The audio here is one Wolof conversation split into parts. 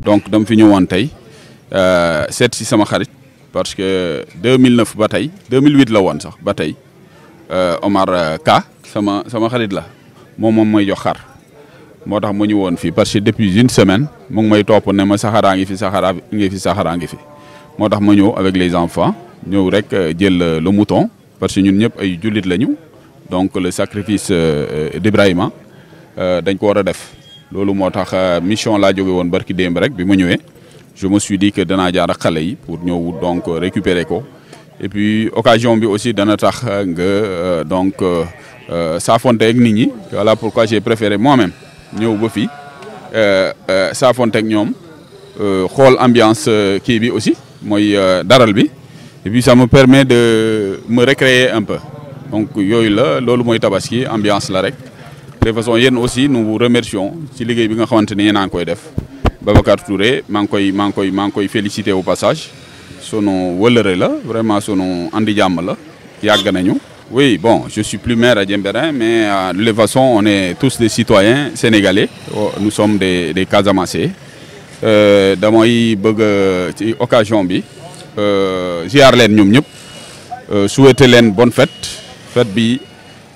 donc dam fi ñëwoon tey euh, seet si sama xarit parce que 2009 ba tey 2008 la woon sax ba tey euh, Omar euh, Ka sama sama xarit la moom moom may jox xar moo tax mu ñu woon fii parce que depuis une semaine mu ngi may topp ne ma Sahara ngi fi Sahara ngi fi saxaraa ngi fi moo tax ma ñëw avec les enfants ñëw rek jël le mouton parce que ñun ñëpp ay jullit lañu donc le sacrifice d'Ibrahima dañ ko war a def loolu moo euh, mission la jóge won barki démb rek bima ma je me suis dit que dana jaar xalé yi pour ñëw donc euh, récupérer ko et puis occasion bi aussi dana tax euh, nga donc s'affronter avec nit ñi voilà pourquoi j'ai préféré moi-même ñëw ba s'affronter avec ñom euh xol ambiance qui bi aussi moy daral bi et puis ça me permet de me recréer un peu donc yoy la loolu moy tabaski ambiance la rek de façon yéen aussi nous vous remercions ci liggéey bi nga xamante ne yéen koy def Babacar Touré maa ngi koy maa koy koy au passage sunu wëlëre la vraiment sunu andi jàmm la yàgg nañu. Oui, bon, je suis plus maire à Djemberin, mais euh, de toute façon, on est tous des citoyens sénégalais. Oh, nous sommes des, des Casamassés. Euh, dans mon euh, occasion, euh, j'ai souhaité une bonne fête. Fête bi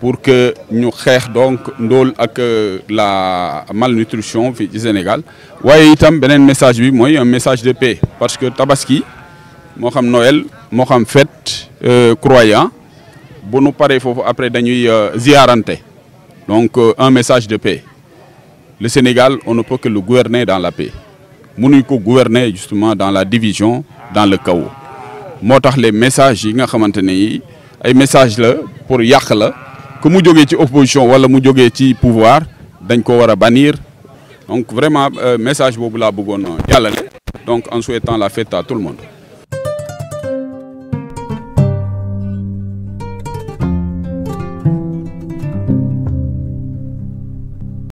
pour que nous puissions donc ak euh, la malnutrition du Sénégal Il itam un message un message de paix parce que tabaski Mohamed Noël fête euh, croyant après dañuy euh, ziarante donc un message de paix le Sénégal on ne peut que le gouverner dans la paix Nous ko gouverner justement dans la division dans le chaos Moi, les messages yi nga message pour yàq que nous jógee ci opposition wala mu pouvoir nous ko bannir donc vraiment euh, message pour laa bëggoon donc en souhaitant la fête à tout le monde